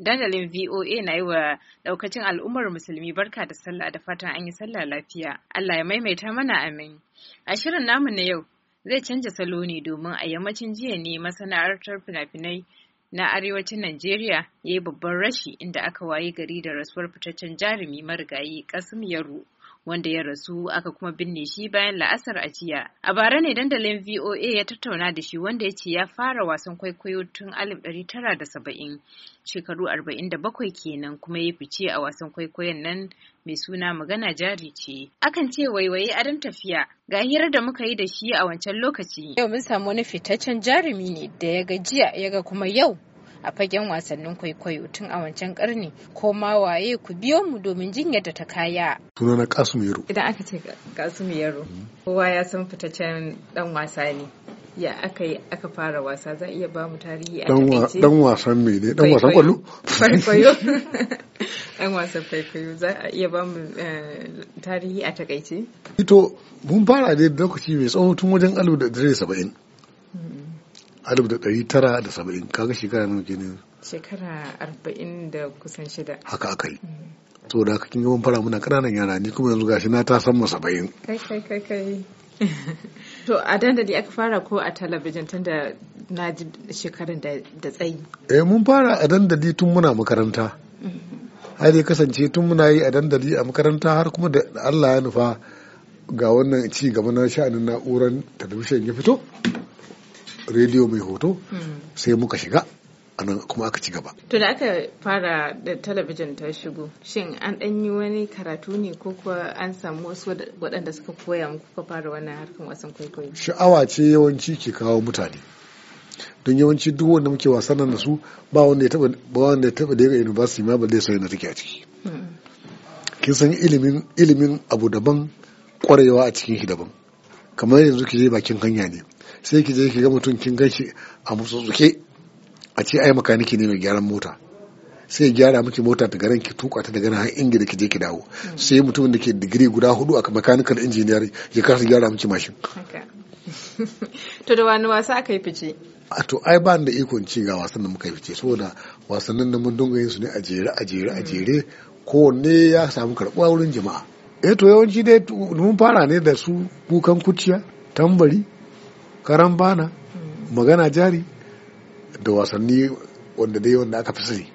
dandalin VOA na yi wa daukacin al'ummar musulmi barka da sallah da fatan an yi sallah lafiya. Allah ya maimaita mana amin. A shirin namu na yau zai canja salo ne domin a yammacin jiya ne masana'antar fina-finai na arewacin Najeriya ya yi babban rashi inda aka wayi gari da rasuwar fitaccen jarumi marigayi Kasim Yaro. wanda ya rasu aka kuma binne shi bayan la'asar a jiya. A bara ne dandalin VOA ya tattauna da shi wanda ya ce ya fara wasan kwaikwayo tun 1970 shekaru 47 kenan kuma ya fice a wasan kwaikwayon nan mai suna magana jari ce. Akan ce waiwaye adam tafiya ga hirar da muka yi da shi a wancan lokaci. Yau mun samu wani fitaccen jarumi ne da ya ga jiya ya ga kuma yau a fagen wasannin kwaikwayo tun a wancan karni ko ma waye ku biyo mu domin jin yadda ta kaya. Sunana Kasum Yaro. Idan aka ce Kasum Yaro, kowa ya san fitaccen dan wasa ne. Ya aka yi aka fara wasa za iya ba mu tarihi a takaice. Dan wasan me ne? Dan wasan kwallo? Kwaikwayo. Dan wasan kwaikwayo za a iya ba mu eh, tarihi a takaice. Ito mun fara da lokaci mai tsawo tun wajen alu da dare saba'in. 1970 kaga shekara nawa ne? shekara 40 da kusan shida haka aka yi to mm. da kin yawan fara muna kananan yara ni kuma yanzu gashi na ta san mu 70 kai kai kai kai to a dandali aka fara ko a talabijin tun da na ji shekarun da tsayi eh mun fara a dandali tun muna makaranta har mm-hmm. ya kasance tun muna yi a dandali a makaranta har kuma da Allah ya nufa ga wannan ci gaba na sha'anin na'urar talabijin ya fito rediyo mai hoto hmm. sai muka shiga a kuma aka ci gaba. To da aka fara da talabijin ta shigo, shin an ɗan yi wani karatu ne ko kuwa an samu wasu waɗanda suka koya muku kuka fara wannan harkan wasan kwaikwayo? Sha'awa ce yawanci ke kawo mutane. Don yawanci duk wanda muke wasan nan da su ba wanda ya taɓa ba wanda ya taɓa daga university ma balle sai na take a ciki. Hmm. Kin san ilimin ilimin abu daban kwarewa a cikin shi daban. kamar yanzu ki je bakin hanya ne sai ki je ki ga mutum kin shi a mutsutsuke a ce ai makaniki ne mai gyaran mota sai ya gyara miki mota daga ran ki tuka ta daga nan har ingila ki je ki dawo sai mutumin da ke digiri guda hudu a mechanical engineer ya kasa gyara miki mashin to da wani wasa aka yi fice a to ai ba da ikon ci ga wasan da muka yi fice saboda wasannin da mun dunga yin su ne a jere a jere a jere kowanne ya samu karɓuwa wurin jama'a e to yawanci dai mun fara ne da su kukan kuciya tambari karan bana magana jari da wasanni wanda dai wanda aka fi sani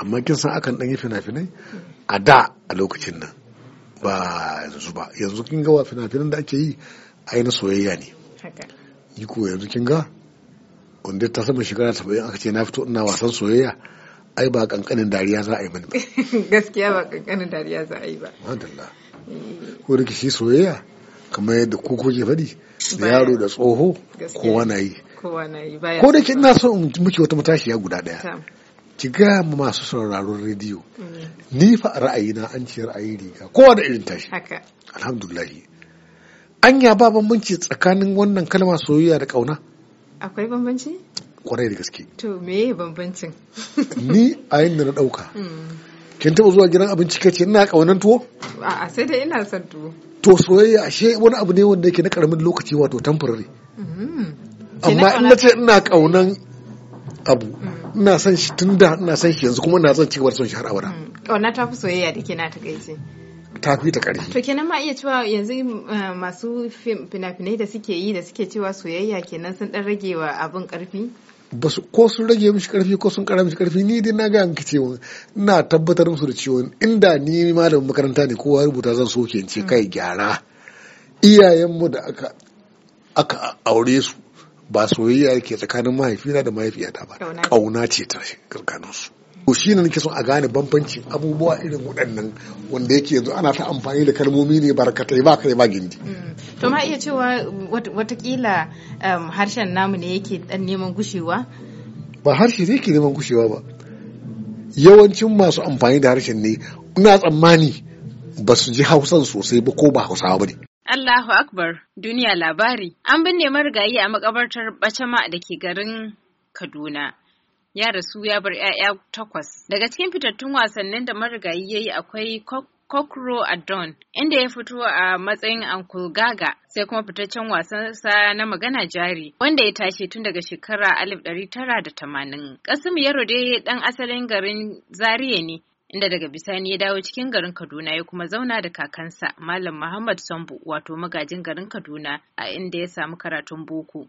amma kin san akan dan yi fina-finai a da a lokacin nan ba yanzu ba yanzu kin ga fina-finan da ake yi a na soyayya ne yi ko yanzu kin ga wanda ta sama shekara saba'in aka ce na fito ina wasan soyayya ai ba kankanin dariya za a yi mani ba gaskiya ba kankanin dariya za a yi ba ko rikici soyayya kamar yadda koko ke faɗi da yaro da tsoho kowa na yi ko da ke ina so in miki wata matashiya guda ɗaya ki ga masu sauraron rediyo mm. ni fa ra'ayina an ce ra'ayi riga kowa da irin tashi alhamdulahi anya ba bambanci tsakanin wannan kalma soyayya da kauna akwai bambanci kwarai da gaske to me bambancin ni a yin da na ɗauka mm. kin taba zuwa gidan abinci kace ina kaunan tuwo a'a sai dai ina son tuwo to soyayya ashe wani abu ne wanda yake na karamin lokaci wato temporary mm-hmm. amma in nace ina kaunan abu mm. ina son shi tunda ina son shi yanzu kuma ina son cigaba da son shi har abada kauna mm. ta fi soyayya da ke na ta gaice. ta fi ta ƙarfi. To kenan ma iya cewa yanzu eh, masu fina-finai da suke yi da suke cewa soyayya kenan sun ɗan rage wa abin ƙarfi? basu ko sun rage mishi karfi ko sun kara mishi karfi ni dai na ga an cewa ina tabbatar musu da cewa inda ni malamin makaranta ne kowa rubuta zan soke in ce hmm. kai gyara iyayenmu da aka aka aure su ba soyayya ke tsakanin mahaifina da mahaifiyata ba kauna ce ta tsakaninsu to shi ne nake son a gane bambanci abubuwa irin waɗannan wanda yake yanzu ana ta amfani da kalmomi ne barkatai ba kai ba gindi mm. to ma iya cewa watakila um, harshen namu ne yake dan neman gushewa ba harshe ne yake neman gushewa ba yawancin masu amfani da harshen ne ina tsammani ba su ji hausan sosai ba ko ba hausawa ba ne Allahu Akbar duniya labari an binne marigayi a makabartar Bacama da ke garin Kaduna ya rasu ya bar 'ya'ya takwas. Daga cikin fitattun wasannin da marigayi ya yi akwai Kokro Adon, inda ya fito a matsayin Uncle Gaga, sai kuma fitaccen wasansa na magana jari, wanda ya tashi tun daga shekara 1980. Kasim Yaro dai dan asalin garin Zariya ne, inda daga bisani ya dawo cikin garin Kaduna ya kuma zauna da kakansa Malam Muhammad Sambu wato magajin garin Kaduna a inda ya samu karatun boko.